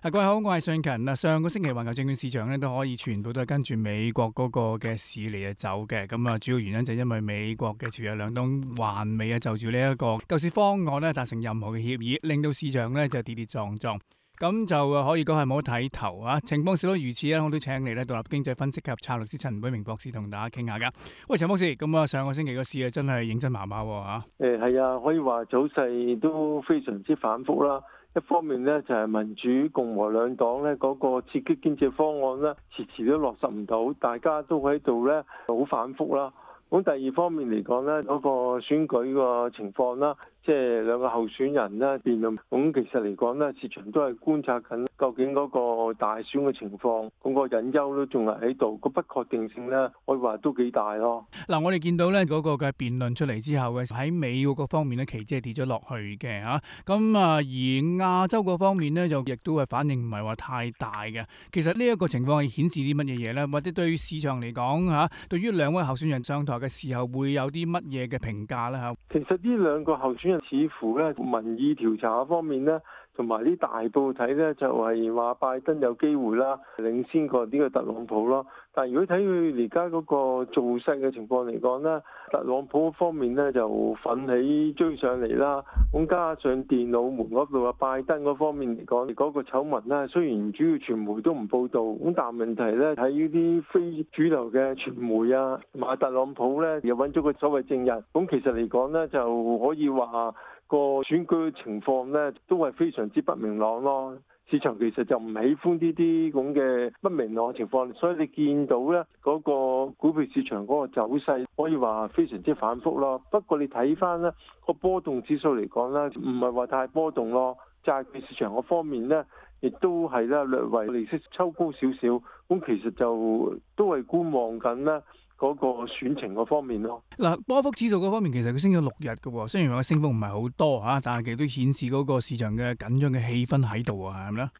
各位好，我係尚勤啊。上個星期環球證券市場咧都可以全部都係跟住美國嗰個嘅市嚟啊走嘅。咁啊主要原因就係因為美國嘅朝野兩黨還未啊就住呢一個救市方案咧達成任何嘅協議，令到市場咧就跌跌撞撞，咁就可以講係冇睇頭啊。情況少況如此咧，我都請嚟咧獨立經濟分析及策劃師陳寶明博士同大家傾下噶。喂，陳博士，咁啊上個星期個市啊真係認真麻麻吓、啊。誒、欸，係啊，可以話早勢都非常之反覆啦。一方面咧就係、是、民主共和兩黨咧嗰個刺激經濟方案咧遲遲都落實唔到，大家都喺度咧好反覆啦。咁第二方面嚟講咧嗰個選舉個情況啦。即係兩個候選人咧辯論，咁其實嚟講咧，市場都係觀察緊究竟嗰個大選嘅情況，嗰、嗰個隱憂都仲係喺度，個不確定性呢，可以話都幾大咯。嗱，我哋見到呢嗰個嘅辯論出嚟之後嘅喺美嗰方面呢，期指係跌咗落去嘅嚇。咁啊，而亞洲嗰方面呢，就亦都係反應唔係話太大嘅。其實呢一個情況係顯示啲乜嘢嘢呢？或者對於市場嚟講嚇，對於兩位候選人上台嘅時候會有啲乜嘢嘅評價咧嚇？其實呢兩個候選人。似乎咧民意調查方面咧。同埋啲大報睇咧，就係、是、話拜登有機會啦，領先過呢個特朗普咯。但係如果睇佢而家嗰個造勢嘅情況嚟講咧，特朗普方面咧就奮起追上嚟啦。咁加上電腦門嗰度啊，拜登嗰方面嚟講嗰、那個醜聞咧，雖然主要傳媒都唔報導，咁但係問題咧，喺呢啲非主流嘅傳媒啊，買特朗普咧又揾咗個所謂證人，咁其實嚟講咧就可以話。個選舉情況呢都係非常之不明朗咯。市場其實就唔喜歡呢啲咁嘅不明朗嘅情況，所以你見到呢嗰個股票市場嗰個走勢，可以話非常之反覆咯。不過你睇翻呢個波動指數嚟講咧，唔係話太波動咯。債券市場嗰方面呢，亦都係咧略為利息抽高少少。咁其實就都係觀望緊呢。嗰個選情嗰方面咯，嗱波幅指數嗰方面其實佢升咗六日嘅，雖然話個升幅唔係好多吓，但係其實都顯示嗰個市場嘅緊張嘅氣氛喺度啊，係咪咧？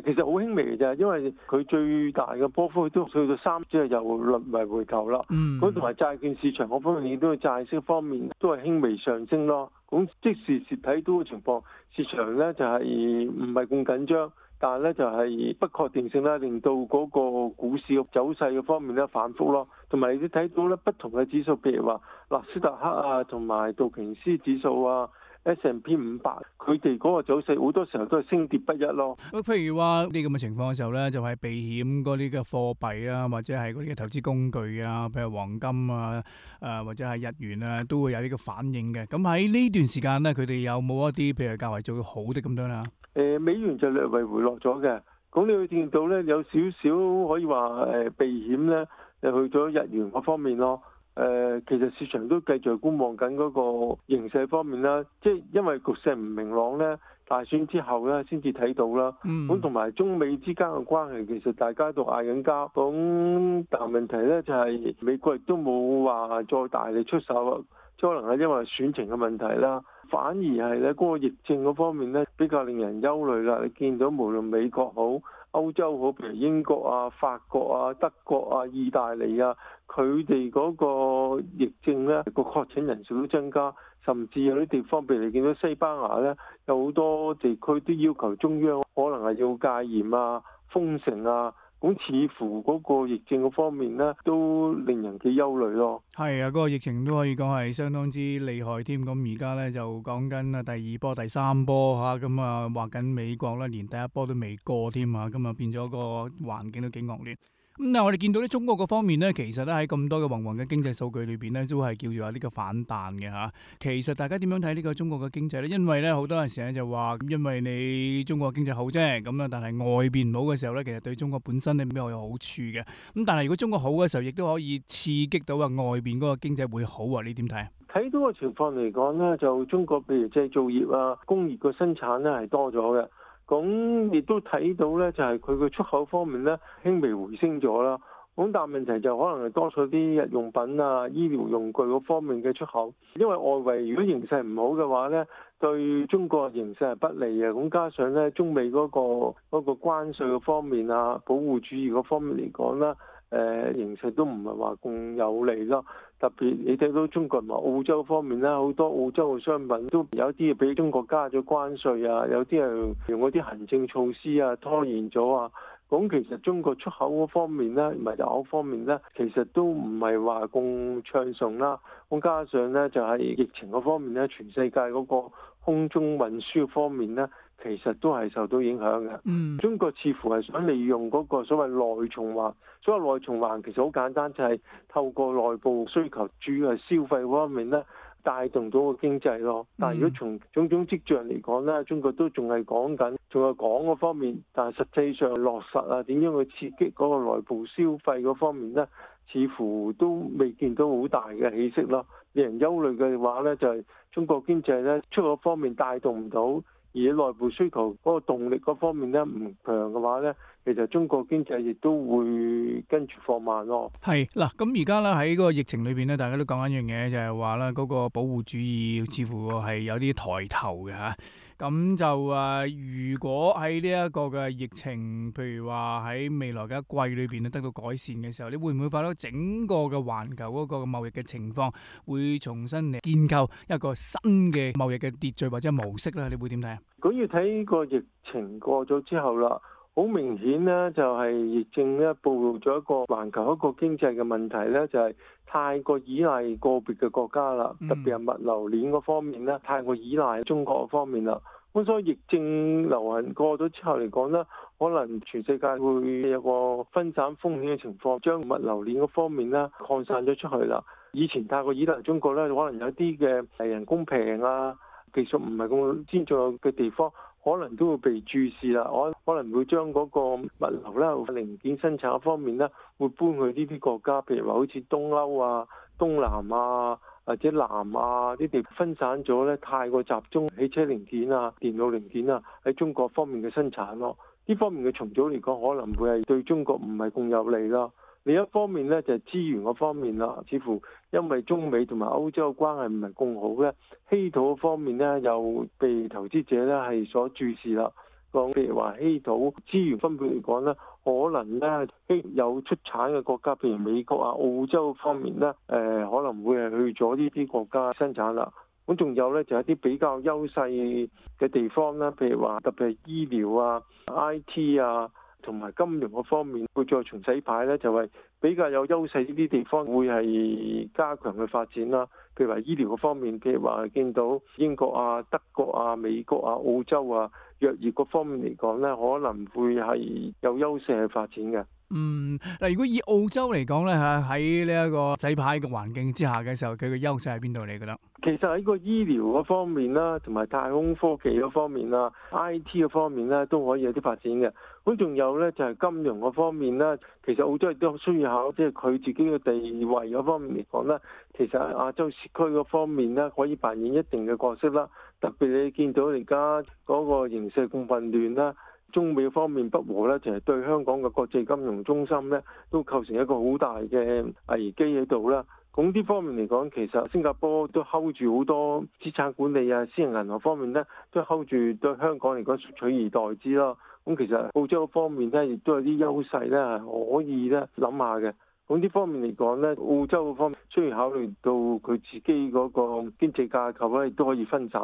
誒，其實好輕微嘅啫，因為佢最大嘅波幅都去到三之後又略為回頭啦。嗯。同埋債券市場嗰方面，亦都係債息方面都係輕微上升咯。咁即使蝕睇到嘅情況，市場咧就係唔係咁緊張。但係咧就係不確定性咧，令到嗰個股市嘅走勢嘅方面咧反覆咯，同埋你睇到咧不同嘅指數，譬如話納斯達克啊，同埋道瓊斯指數啊、S&P 五百，佢哋嗰個走勢好多時候都係升跌不一咯。咁譬如話呢啲咁嘅情況嘅時候咧，就係、是、避險嗰啲嘅貨幣啊，或者係嗰啲嘅投資工具啊，譬如黃金啊，誒或者係日元啊，都會有呢個反應嘅。咁喺呢段時間咧，佢哋有冇一啲譬如較為做得好啲咁樣咧？誒美元就略為回落咗嘅，咁你會見到咧有少少可以話誒避險咧，就去咗日元嗰方面咯。誒、呃、其實市場都繼續觀望緊嗰個形勢方面啦，即係因為局勢唔明朗咧，大選之後咧先至睇到啦。咁同埋中美之間嘅關係其實大家都嗌緊交，咁但係問題咧就係美國亦都冇話再大力出手，即可能係因為選情嘅問題啦。反而係咧，嗰個疫症嗰方面咧，比較令人憂慮啦。你見到無論美國好、歐洲好，譬如英國啊、法國啊、德國啊、意大利啊，佢哋嗰個疫症咧，個確診人數都增加，甚至有啲地方譬如你見到西班牙咧，有好多地區都要求中央可能係要戒嚴啊、封城啊。咁似乎嗰個疫情方面咧，都令人幾憂慮咯。係 啊，嗰、嗰個疫情都可以講係相當之厲害添。咁而家咧就講緊啊第二波、第三波嚇，咁啊話緊美國啦，連第一波都未過添啊，咁啊變咗個環境都幾惡劣。咁啊、嗯！我哋見到咧，中國嗰方面咧，其實咧喺咁多嘅宏宏嘅經濟數據裏邊咧，都係叫做話呢個反彈嘅嚇。其實大家點樣睇呢個中國嘅經濟咧？因為咧好多嘅時候就話，因為你中國經濟好啫咁啦，但係外邊唔好嘅時候咧，其實對中國本身咧比較有好處嘅。咁但係如果中國好嘅時候，亦都可以刺激到啊外邊嗰個經濟會好啊！你點睇睇到嘅情況嚟講咧，就中國譬如製造業啊、工業個生產咧係多咗嘅。咁亦都睇到呢，就係佢嘅出口方面呢，輕微回升咗啦。咁但係問題就可能係多咗啲日用品啊、醫療用具嗰方面嘅出口，因為外圍如果形勢唔好嘅話呢，對中國形勢係不利嘅。咁加上呢，中美嗰個嗰個關稅方面啊、保護主義嗰方面嚟講呢，誒、呃、形勢都唔係話咁有利咯。特別你睇到中國同埋澳洲方面啦，好多澳洲嘅商品都有啲俾中國加咗關稅啊，有啲係用嗰啲行政措施啊拖延咗啊。咁其實中國出口嗰方面啦，唔係出口方面啦，其實都唔係話咁暢順啦。咁加上咧就係疫情嗰方面咧，全世界嗰個空中運輸方面咧。其實都係受到影響嘅。Mm. 中國似乎係想利用嗰個所謂內循環，所謂內循環其實好簡單，就係、是、透過內部需求，主要係消費嗰方面咧，帶動到個經濟咯。但係如果從種種跡象嚟講咧，中國都仲係講緊仲係講嗰方面，但係實際上落實啊點樣去刺激嗰個內部消費嗰方面咧，似乎都未見到好大嘅起色咯。令人憂慮嘅話咧，就係、是、中國經濟咧出口方面帶動唔到。而內部需求嗰個動力嗰方面咧唔強嘅話咧，其實中國經濟亦都會跟住放慢咯、哦。係嗱，咁而家咧喺嗰個疫情裏邊咧，大家都講緊一樣嘢，就係話咧，嗰個保護主義似乎係有啲抬頭嘅嚇。咁就誒，如果喺呢一個嘅疫情，譬如話喺未來嘅一季裏邊得到改善嘅時候，你會唔會發到整個嘅環球嗰個貿易嘅情況會重新嚟建構一個新嘅貿易嘅秩序或者模式咧？你會點睇啊？咁要睇個疫情過咗之後啦。好明顯咧，就係、是、疫症咧暴露咗一個環球一個經濟嘅問題呢，就係太過依賴個別嘅國家啦，嗯、特別係物流鏈嗰方面呢，太過依賴中國方面啦。咁所以疫症流行過咗之後嚟講呢，可能全世界會有個分散風險嘅情況，將物流鏈嗰方面呢擴散咗出去啦。以前太過依賴中國呢，可能有啲嘅人工平啊、技術唔係咁先進嘅地方。可能都會被注視啦，我可能會將嗰個物流啦、零件生產方面啦，會搬去呢啲國家，譬如話好似東歐啊、東南亞或者南亞呢啲地方分散咗咧，太過集中汽車零件啊、電腦零件啊喺中國方面嘅生產咯，呢方面嘅重組嚟講，可能會係對中國唔係咁有利咯。另一方面呢，就係、是、資源嗰方面啦，似乎因為中美同埋歐洲嘅關係唔係咁好咧，稀土方面呢，又被投資者呢係所注視啦。講譬如話稀土資源分配嚟講咧，可能呢有出產嘅國家，譬如美國啊、澳洲方面呢，誒可能會係去咗呢啲國家生產啦。咁仲有呢，就係、是、啲比較優勢嘅地方啦，譬如話特別係醫療啊、IT 啊。同埋金融嗰方面，會再重洗牌咧，就係比較有優勢呢啲地方會係加強去發展啦。譬如話醫療嗰方面，譬如話見到英國啊、德國啊、美國啊、澳洲啊，藥業嗰方面嚟講咧，可能會係有優勢去發展嘅。嗯，嗱，如果以澳洲嚟講咧，吓，喺呢一個制牌嘅環境之下嘅時候，佢嘅優勢喺邊度？你覺得？其實喺個醫療方面啦，同埋太空科技方面啦 IT 方面咧，都可以有啲發展嘅。咁仲有咧，就係金融方面啦。其實澳洲亦都需要考，即係佢自己嘅地位嗰方面嚟講咧。其實亞洲市區嗰方面咧，可以扮演一定嘅角色啦。特別你見到而家嗰個形勢咁混亂啦。中美方面不和咧，就係對香港嘅國際金融中心咧，都構成一個好大嘅危機喺度啦。咁呢方面嚟講，其實新加坡都 hold 住好多資產管理啊、私人銀行方面咧，都 hold 住對香港嚟講取而代之咯。咁其實澳洲方面咧，亦都有啲優勢咧，可以咧諗下嘅。咁呢方面嚟講咧，澳洲方面雖然考慮到佢自己嗰個經濟架構咧，都可以分散。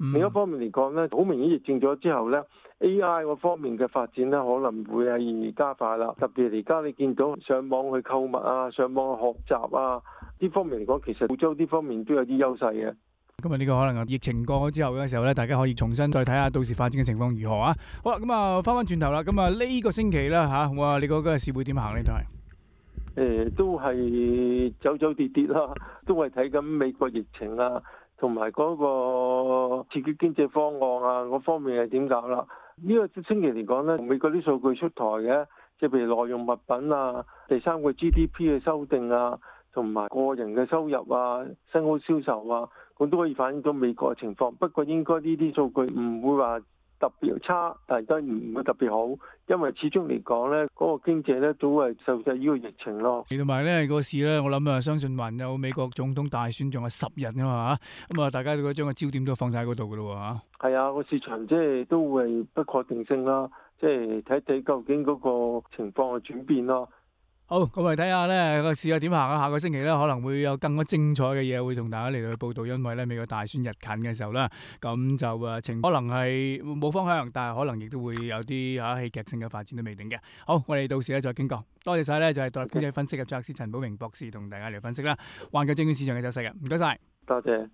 嗯、另一方面嚟講咧，好明顯疫情咗之後呢 AI 嗰方面嘅發展咧，可能會係漸而加快啦。特別而家你見到上網去購物啊，上網去學習啊，呢方面嚟講，其實澳洲呢方面都有啲優勢嘅。今日呢個可能疫情過咗之後嘅時候咧，大家可以重新再睇下到時發展嘅情況如何啊。好啦，咁啊，翻翻轉頭啦，咁啊呢個星期啦嚇、啊，哇，你覺得市會點行呢？都係？誒都係走走跌跌啦，都係睇緊美國疫情啊，同埋嗰個刺激經濟方案啊。嗰方面係點搞啦？呢個星期嚟講呢，美國啲數據出台嘅，即係譬如耐用物品啊、第三季 GDP 嘅修訂啊，同埋個人嘅收入啊、新屋銷售啊，咁都可以反映到美國嘅情況。不過應該呢啲數據唔會話，特別差，但係當然唔會特別好，因為始終嚟講咧，嗰個經濟咧都係受制於呢個疫情咯。同埋咧個市咧，我諗啊，相信還有美國總統大選仲有十日啊嘛，咁啊大家都將個焦點都放晒喺嗰度噶咯嚇。係啊，啊個市場即係都會不確定性啦，即係睇睇究竟嗰個情況嘅轉變咯。好，咁我哋睇下咧個市下點行啊，下個星期咧可能會有更加精彩嘅嘢會同大家嚟到去報道，因為咧美國大選日近嘅時候咧，咁就啊情可能係冇方向，但係可能亦都會有啲吓戲劇性嘅發展都未定嘅。好，我哋到時咧再傾過。多謝晒咧，就係、是、獨立經濟分析嘅策劃師陳寶明博士同大家嚟分析啦，環球證券市場嘅走勢嘅。唔該晒，多謝。多謝